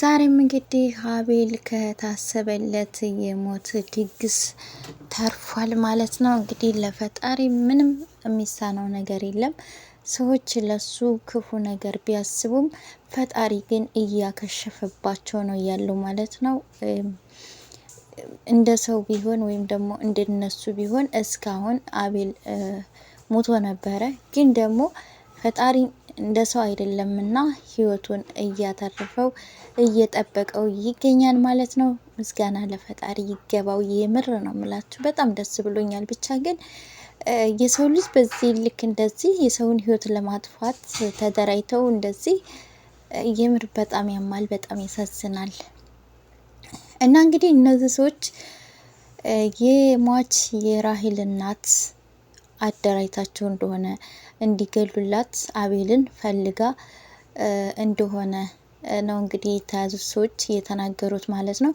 ዛሬም እንግዲህ አቤል ከታሰበለት የሞት ድግስ ተርፏል ማለት ነው። እንግዲህ ለፈጣሪ ምንም የሚሳነው ነገር የለም። ሰዎች ለሱ ክፉ ነገር ቢያስቡም ፈጣሪ ግን እያከሸፈባቸው ነው ያሉ ማለት ነው። እንደ ሰው ቢሆን ወይም ደግሞ እንደነሱ ቢሆን እስካሁን አቤል ሞቶ ነበረ። ግን ደግሞ ፈጣሪ እንደ ሰው አይደለምና ህይወቱን እያተረፈው እየጠበቀው ይገኛል ማለት ነው። ምስጋና ለፈጣሪ ይገባው። የምር ነው ምላችሁ፣ በጣም ደስ ብሎኛል። ብቻ ግን የሰው ልጅ በዚህ ልክ እንደዚህ የሰውን ህይወት ለማጥፋት ተደራጅተው እንደዚህ የምር በጣም ያማል፣ በጣም ያሳዝናል። እና እንግዲህ እነዚህ ሰዎች የሟች የራሄል እናት አደራጅታቸው እንደሆነ እንዲገሉላት አቤልን ፈልጋ እንደሆነ ነው እንግዲህ የተያዙ ሰዎች እየተናገሩት ማለት ነው።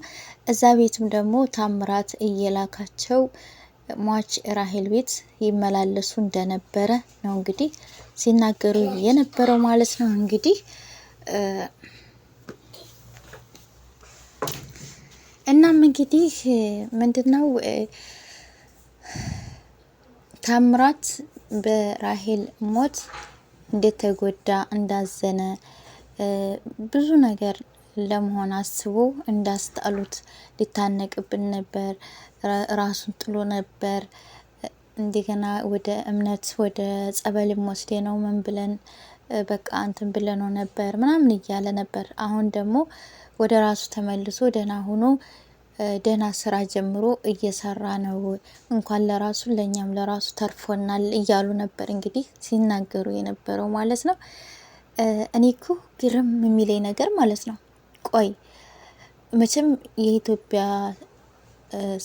እዛ ቤትም ደግሞ ታምራት እየላካቸው ሟች ራሄል ቤት ይመላለሱ እንደነበረ ነው እንግዲህ ሲናገሩ የነበረው ማለት ነው። እንግዲህ እናም እንግዲህ ምንድነው ታምራት በራሄል ሞት እንደተጎዳ እንዳዘነ ብዙ ነገር ለመሆን አስቦ እንዳስጣሉት ሊታነቅብን ነበር። ራሱን ጥሎ ነበር። እንደገና ወደ እምነት ወደ ጸበል ወስዴ ነው ምን ብለን በቃ እንትን ብለነው ነበር ምናምን እያለ ነበር። አሁን ደግሞ ወደ ራሱ ተመልሶ ደህና ሆኖ ደህና ስራ ጀምሮ እየሰራ ነው፣ እንኳን ለራሱ ለእኛም ለራሱ ተርፎናል እያሉ ነበር እንግዲህ ሲናገሩ የነበረው ማለት ነው። እኔ ኩ ግርም የሚለኝ ነገር ማለት ነው። ቆይ መቼም የኢትዮጵያ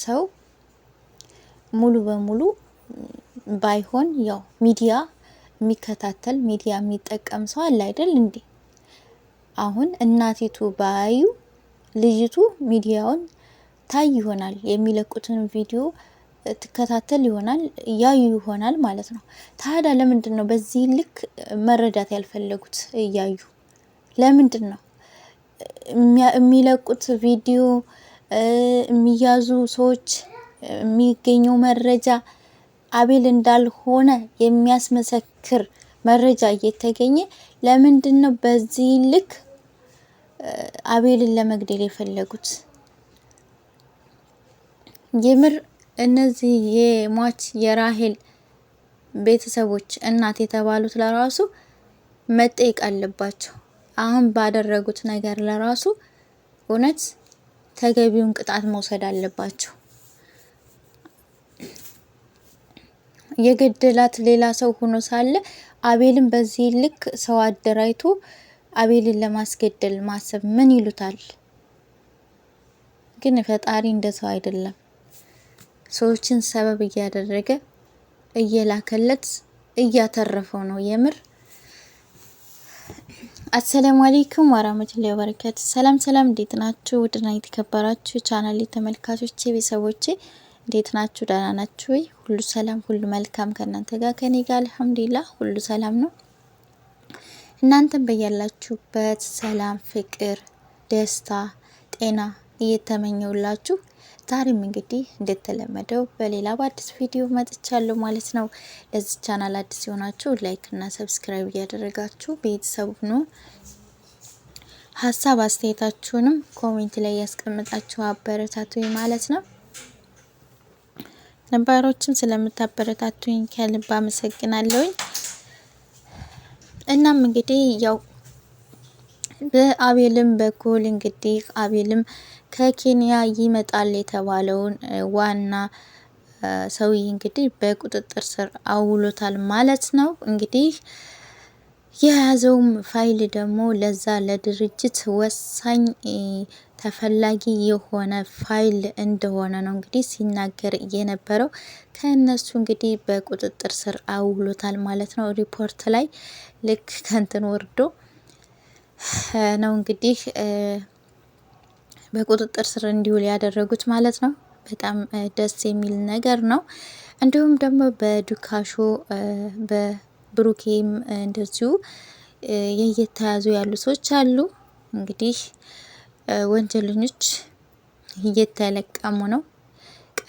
ሰው ሙሉ በሙሉ ባይሆን ያው ሚዲያ የሚከታተል ሚዲያ የሚጠቀም ሰው አለ አይደል እንዴ? አሁን እናቲቱ ባዩ ልጅቱ ሚዲያውን ታይ ይሆናል የሚለቁትን ቪዲዮ ትከታተል ይሆናል እያዩ ይሆናል ማለት ነው። ታዲያ ለምንድን ነው በዚህ ልክ መረዳት ያልፈለጉት? እያዩ ለምንድን ነው የሚለቁት ቪዲዮ የሚያዙ ሰዎች የሚገኘው መረጃ አቤል እንዳልሆነ የሚያስመሰክር መረጃ እየተገኘ ለምንድን ነው በዚህ ልክ አቤልን ለመግደል የፈለጉት? የምር እነዚህ የሟች የራሄል ቤተሰቦች እናት የተባሉት ለራሱ መጠየቅ አለባቸው። አሁን ባደረጉት ነገር ለራሱ እውነት ተገቢውን ቅጣት መውሰድ አለባቸው። የገደላት ሌላ ሰው ሆኖ ሳለ አቤልን በዚህ ልክ ሰው አደራጅቶ አቤልን ለማስገደል ማሰብ ምን ይሉታል? ግን ፈጣሪ እንደ ሰው አይደለም። ሰዎችን ሰበብ እያደረገ እየላከለት እያተረፈው ነው የምር። አሰላሙ አለይኩም ወራህመቱላሂ ወበረካቱ። ሰላም ሰላም፣ እንዴት ናችሁ? ውድና የተከበራችሁ ቻናሌ ተመልካቾቼ፣ ቤተሰቦቼ እንዴት ናችሁ? ደህና ናችሁ ወይ? ሁሉ ሰላም፣ ሁሉ መልካም ከእናንተ ጋር ከኔ ጋር አልሐምዱሊላህ ሁሉ ሰላም ነው። እናንተም በያላችሁበት ሰላም፣ ፍቅር፣ ደስታ፣ ጤና እየተመኘውላችሁ ዛሬም እንግዲህ እንደተለመደው በሌላ በአዲስ ቪዲዮ መጥቻለሁ ማለት ነው። ለዚህ ቻናል አዲስ የሆናችሁ ላይክ እና ሰብስክራይብ እያደረጋችሁ ቤተሰቡ ነው። ሀሳብ አስተያየታችሁንም ኮሜንት ላይ ያስቀምጣችሁ አበረታቱኝ ማለት ነው። ነባሮችም ስለምታበረታቱኝ ከልብ አመሰግናለሁኝ። እናም እንግዲህ ያው በአቤልም በኩል እንግዲህ አቤልም ከኬንያ ይመጣል የተባለውን ዋና ሰውዬ እንግዲህ በቁጥጥር ስር አውሎታል ማለት ነው። እንግዲህ የያዘውም ፋይል ደግሞ ለዛ ለድርጅት ወሳኝ ተፈላጊ የሆነ ፋይል እንደሆነ ነው እንግዲህ ሲናገር የነበረው። ከእነሱ እንግዲህ በቁጥጥር ስር አውሎታል ማለት ነው። ሪፖርት ላይ ልክ ከንትን ወርዶ ነው እንግዲህ በቁጥጥር ስር እንዲውል ያደረጉት ማለት ነው። በጣም ደስ የሚል ነገር ነው። እንዲሁም ደግሞ በዱካሾ በብሩኬም እንደዚሁ እየተያዙ ያሉ ሰዎች አሉ። እንግዲህ ወንጀለኞች እየተለቀሙ ነው።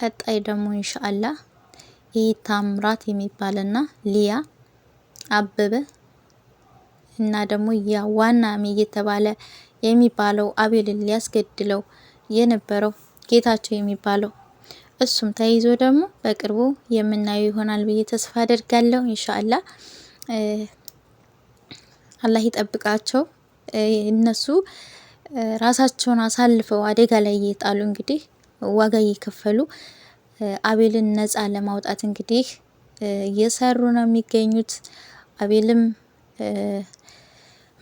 ቀጣይ ደግሞ ኢንሻአላህ ይህ ታምራት የሚባልና ሊያ አበበ እና ደግሞ ያ ዋና ሚ እየተባለ የሚባለው አቤልን ሊያስገድለው የነበረው ጌታቸው የሚባለው እሱም ተይዞ ደግሞ በቅርቡ የምናየው ይሆናል ብዬ ተስፋ አደርጋለሁ። ኢንሻአላ አላህ ይጠብቃቸው። እነሱ ራሳቸውን አሳልፈው አደጋ ላይ እየጣሉ እንግዲህ ዋጋ እየከፈሉ አቤልን ነጻ ለማውጣት እንግዲህ እየሰሩ ነው የሚገኙት አቤልም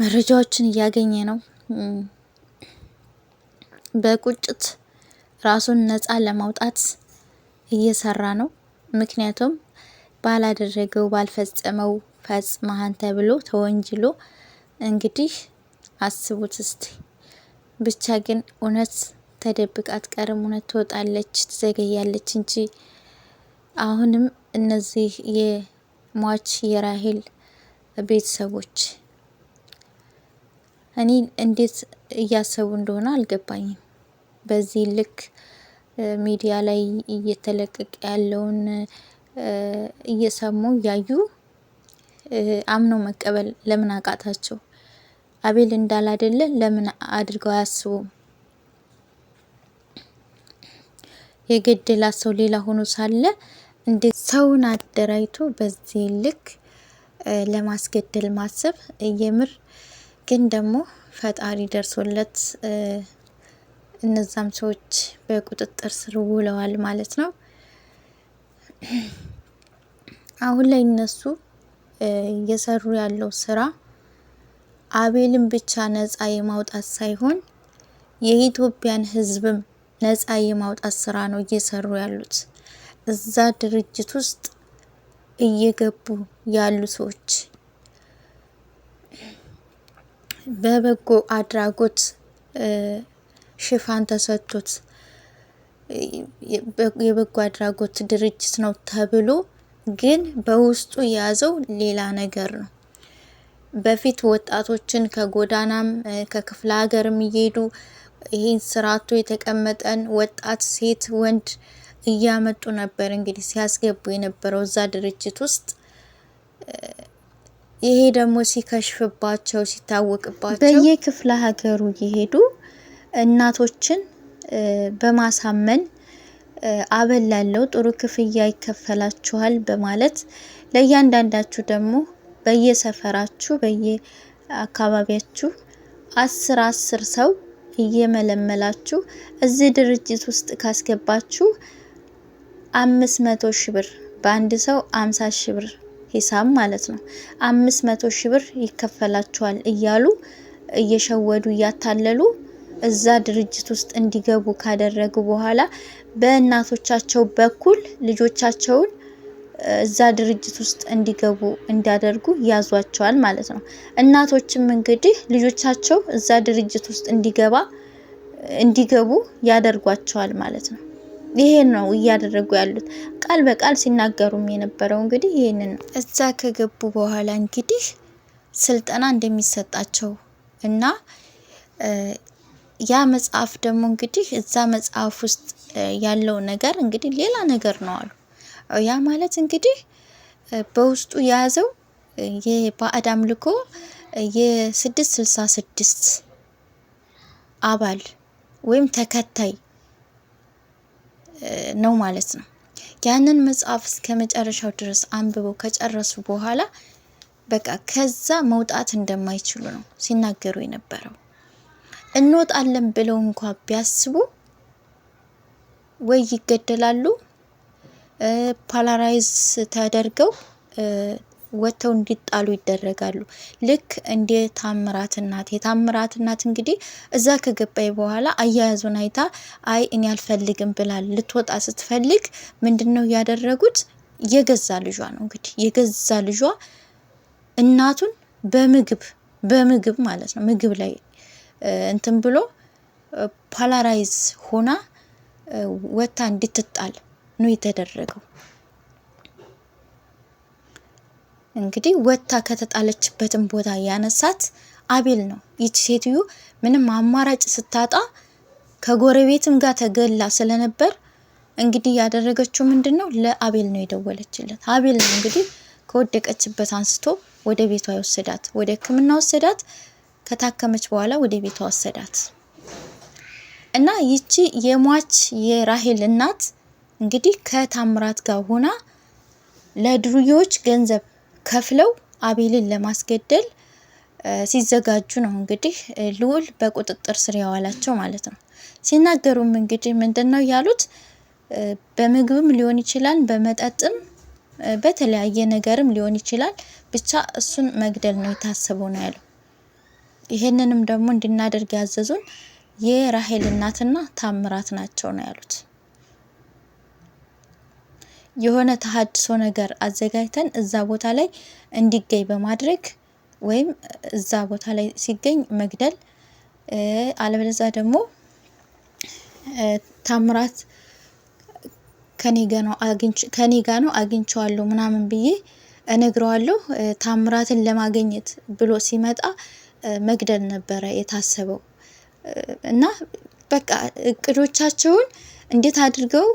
መረጃዎችን እያገኘ ነው። በቁጭት ራሱን ነፃ ለማውጣት እየሰራ ነው። ምክንያቱም ባላደረገው ባልፈጸመው ፈጽመሃን ተብሎ ተወንጅሎ እንግዲህ አስቡት እስቲ። ብቻ ግን እውነት ተደብቃ አትቀርም። እውነት ትወጣለች፣ ትዘገያለች እንጂ አሁንም እነዚህ የሟች የራሄል ቤተሰቦች እኔ እንዴት እያሰቡ እንደሆነ አልገባኝም። በዚህ ልክ ሚዲያ ላይ እየተለቀቀ ያለውን እየሰሙ እያዩ አምነው መቀበል ለምን አቃታቸው? አቤል እንዳላደለ ለምን አድርገው አያስቡም? የገደላት ሰው ሌላ ሆኖ ሳለ እንዴት ሰውን አደራጅቶ በዚህ ልክ ለማስገደል ማሰብ የምር ግን ደግሞ ፈጣሪ ደርሶለት እነዛም ሰዎች በቁጥጥር ስር ውለዋል ማለት ነው። አሁን ላይ እነሱ እየሰሩ ያለው ስራ አቤልን ብቻ ነጻ የማውጣት ሳይሆን የኢትዮጵያን ሕዝብም ነጻ የማውጣት ስራ ነው እየሰሩ ያሉት። እዛ ድርጅት ውስጥ እየገቡ ያሉ ሰዎች በበጎ አድራጎት ሽፋን ተሰጥቶት የበጎ አድራጎት ድርጅት ነው ተብሎ ግን በውስጡ የያዘው ሌላ ነገር ነው። በፊት ወጣቶችን ከጎዳናም ከክፍለ ሀገርም እየሄዱ ይህን ስርዓቱ የተቀመጠን ወጣት ሴት ወንድ እያመጡ ነበር እንግዲህ ሲያስገቡ የነበረው እዛ ድርጅት ውስጥ ይሄ ደግሞ ሲከሽፍባቸው ሲታወቅባቸው በየክፍለ ሀገሩ እየሄዱ እናቶችን በማሳመን አበል ላለው ጥሩ ክፍያ ይከፈላችኋል በማለት ለእያንዳንዳችሁ ደግሞ በየሰፈራችሁ በየአካባቢያችሁ አስር አስር ሰው እየመለመላችሁ እዚህ ድርጅት ውስጥ ካስገባችሁ አምስት መቶ ሺ ብር በአንድ ሰው አምሳ ሺ ብር ሂሳብ ማለት ነው። አምስት መቶ ሺ ብር ይከፈላቸዋል እያሉ እየሸወዱ እያታለሉ እዛ ድርጅት ውስጥ እንዲገቡ ካደረጉ በኋላ በእናቶቻቸው በኩል ልጆቻቸውን እዛ ድርጅት ውስጥ እንዲገቡ እንዲያደርጉ ያዟቸዋል ማለት ነው። እናቶችም እንግዲህ ልጆቻቸው እዛ ድርጅት ውስጥ እንዲገባ እንዲገቡ ያደርጓቸዋል ማለት ነው። ይሄን ነው እያደረጉ ያሉት። ቃል በቃል ሲናገሩም የነበረው እንግዲህ ይህንን ነው። እዛ ከገቡ በኋላ እንግዲህ ስልጠና እንደሚሰጣቸው እና ያ መጽሐፍ ደግሞ እንግዲህ እዛ መጽሐፍ ውስጥ ያለው ነገር እንግዲህ ሌላ ነገር ነው አሉ። ያ ማለት እንግዲህ በውስጡ የያዘው የባዕድ አምልኮ የስድስት ስልሳ ስድስት አባል ወይም ተከታይ ነው ማለት ነው። ያንን መጽሐፍ እስከ መጨረሻው ድረስ አንብበው ከጨረሱ በኋላ በቃ ከዛ መውጣት እንደማይችሉ ነው ሲናገሩ የነበረው። እንወጣለን ብለው እንኳ ቢያስቡ ወይ ይገደላሉ፣ ፓላራይዝ ተደርገው ወጥተው እንዲጣሉ ይደረጋሉ። ልክ እንደ ታምራት እናት። የታምራት እናት እንግዲህ እዛ ከገባይ በኋላ አያያዙን አይታ አይ እኔ አልፈልግም ብላል። ልትወጣ ስትፈልግ ምንድን ነው ያደረጉት? የገዛ ልጇ ነው እንግዲህ የገዛ ልጇ እናቱን በምግብ በምግብ ማለት ነው ምግብ ላይ እንትን ብሎ ፓላራይዝ ሆና ወታ እንድትጣል ነው የተደረገው። እንግዲህ ወታ ከተጣለችበትም ቦታ ያነሳት አቤል ነው። ይች ሴትዮ ምንም አማራጭ ስታጣ ከጎረቤትም ጋር ተገላ ስለነበር እንግዲህ ያደረገችው ምንድን ነው? ለአቤል ነው የደወለችለት። አቤል ነው እንግዲህ ከወደቀችበት አንስቶ ወደ ቤቷ የወሰዳት፣ ወደ ሕክምና ወሰዳት። ከታከመች በኋላ ወደ ቤቷ ወሰዳት እና ይቺ የሟች የራሄል እናት እንግዲህ ከታምራት ጋር ሆና ለዱርዬዎች ገንዘብ ከፍለው አቤልን ለማስገደል ሲዘጋጁ ነው እንግዲህ ልዑል በቁጥጥር ስር ያዋላቸው ማለት ነው። ሲናገሩም እንግዲህ ምንድን ነው ያሉት? በምግብም ሊሆን ይችላል፣ በመጠጥም በተለያየ ነገርም ሊሆን ይችላል። ብቻ እሱን መግደል ነው የታሰበው ነው ያለው። ይህንንም ደግሞ እንድናደርግ ያዘዙን የራሄል እናትና ታምራት ናቸው ነው ያሉት። የሆነ ተሀድሶ ነገር አዘጋጅተን እዛ ቦታ ላይ እንዲገኝ በማድረግ ወይም እዛ ቦታ ላይ ሲገኝ መግደል፣ አለበለዛ ደግሞ ታምራት ከኔ ጋ ነው አግኝቸዋለሁ ምናምን ብዬ እነግረዋለሁ። ታምራትን ለማግኘት ብሎ ሲመጣ መግደል ነበረ የታሰበው እና በቃ እቅዶቻቸውን እንዴት አድርገው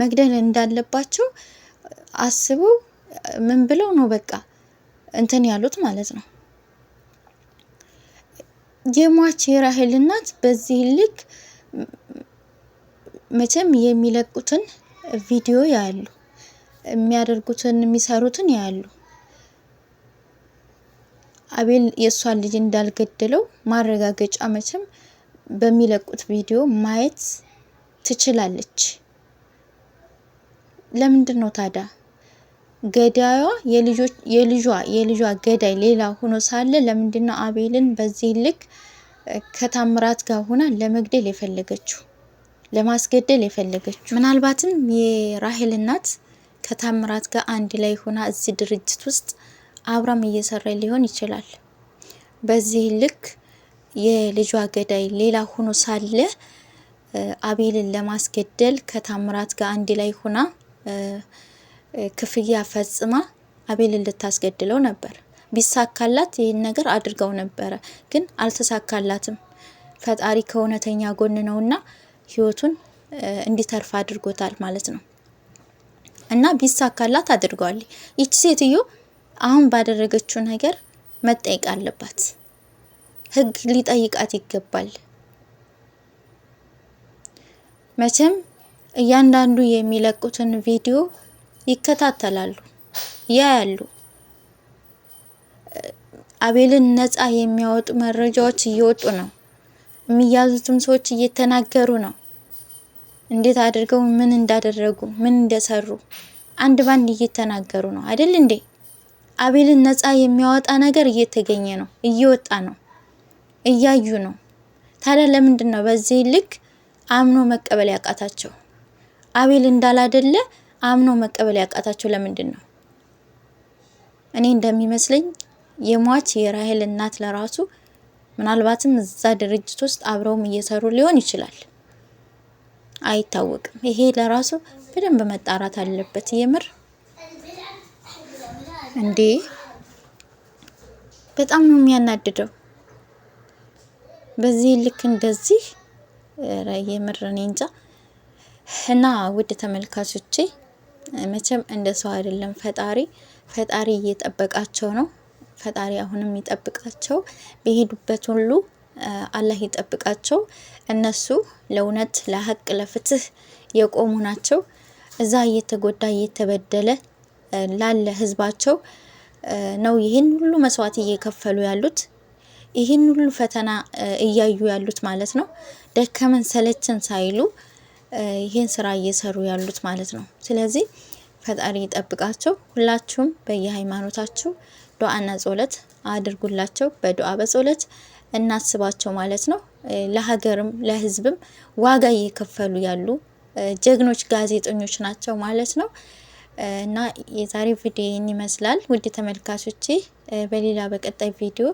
መግደል እንዳለባቸው አስበው ምን ብለው ነው በቃ እንትን ያሉት ማለት ነው። የሟች የራሄል እናት በዚህ ልክ መቼም የሚለቁትን ቪዲዮ ያሉ የሚያደርጉትን የሚሰሩትን ያሉ አቤል የእሷን ልጅ እንዳልገደለው ማረጋገጫ መቼም በሚለቁት ቪዲዮ ማየት ትችላለች። ለምንድን ነው ታዲያ ገዳይዋ የልጇ የልጇ ገዳይ ሌላ ሆኖ ሳለ ለምንድን ነው አቤልን በዚህ ልክ ከታምራት ጋር ሆና ለመግደል የፈለገችው ለማስገደል የፈለገችው? ምናልባትም የራሄል እናት ከታምራት ጋር አንድ ላይ ሆና እዚህ ድርጅት ውስጥ አብራም እየሰራ ሊሆን ይችላል። በዚህ ልክ የልጇ ገዳይ ሌላ ሆኖ ሳለ አቤልን ለማስገደል ከታምራት ጋር አንድ ላይ ሆና ክፍያ ፈጽማ አቤልን ልታስገድለው ነበር። ቢሳካላት ይህን ነገር አድርገው ነበረ፣ ግን አልተሳካላትም። ፈጣሪ ከእውነተኛ ጎን ነውና ህይወቱን እንዲተርፍ አድርጎታል ማለት ነው። እና ቢሳካላት አድርገዋል። ይቺ ሴትዮ አሁን ባደረገችው ነገር መጠየቅ አለባት። ህግ ሊጠይቃት ይገባል። መቼም እያንዳንዱ የሚለቁትን ቪዲዮ ይከታተላሉ፣ ያያሉ። አቤልን ነጻ የሚያወጡ መረጃዎች እየወጡ ነው። የሚያዙትም ሰዎች እየተናገሩ ነው፣ እንዴት አድርገው ምን እንዳደረጉ ምን እንደሰሩ አንድ ባንድ እየተናገሩ ነው አይደል እንዴ? አቤልን ነጻ የሚያወጣ ነገር እየተገኘ ነው፣ እየወጣ ነው፣ እያዩ ነው። ታዲያ ለምንድን ነው በዚህ ልክ አምኖ መቀበል ያቃታቸው አቤል እንዳላደለ አምኖ መቀበል ያቃታቸው ለምንድን ነው? እኔ እንደሚመስለኝ የሟች የራሄል እናት ለራሱ ምናልባትም እዛ ድርጅት ውስጥ አብረውም እየሰሩ ሊሆን ይችላል፣ አይታወቅም። ይሄ ለራሱ በደንብ መጣራት አለበት። የምር እንዴ በጣም ነው የሚያናድደው። በዚህ ልክ እንደዚህ የምር እኔ እንጃ። እና ውድ ተመልካቾቼ መቼም እንደ ሰው አይደለም ፈጣሪ ፈጣሪ እየጠበቃቸው ነው። ፈጣሪ አሁንም ይጠብቃቸው፣ በሄዱበት ሁሉ አላህ ይጠብቃቸው። እነሱ ለእውነት ለሀቅ ለፍትህ የቆሙ ናቸው። እዛ እየተጎዳ እየተበደለ ላለ ህዝባቸው ነው ይህን ሁሉ መስዋዕት እየከፈሉ ያሉት ይህን ሁሉ ፈተና እያዩ ያሉት ማለት ነው። ደከመን ሰለችን ሳይሉ ይህን ስራ እየሰሩ ያሉት ማለት ነው። ስለዚህ ፈጣሪ ይጠብቃቸው። ሁላችሁም በየሃይማኖታችሁ ዱዓና ጸሎት አድርጉላቸው። በዱዓ በጸሎት እናስባቸው ማለት ነው። ለሀገርም ለህዝብም ዋጋ እየከፈሉ ያሉ ጀግኖች ጋዜጠኞች ናቸው ማለት ነው። እና የዛሬ ቪዲዮ ይህን ይመስላል። ውድ ተመልካቾቼ በሌላ በቀጣይ ቪዲዮ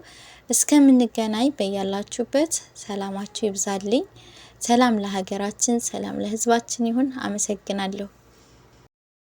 እስከምንገናኝ በያላችሁበት ሰላማችሁ ይብዛልኝ። ሰላም ለሀገራችን፣ ሰላም ለሕዝባችን ይሁን። አመሰግናለሁ።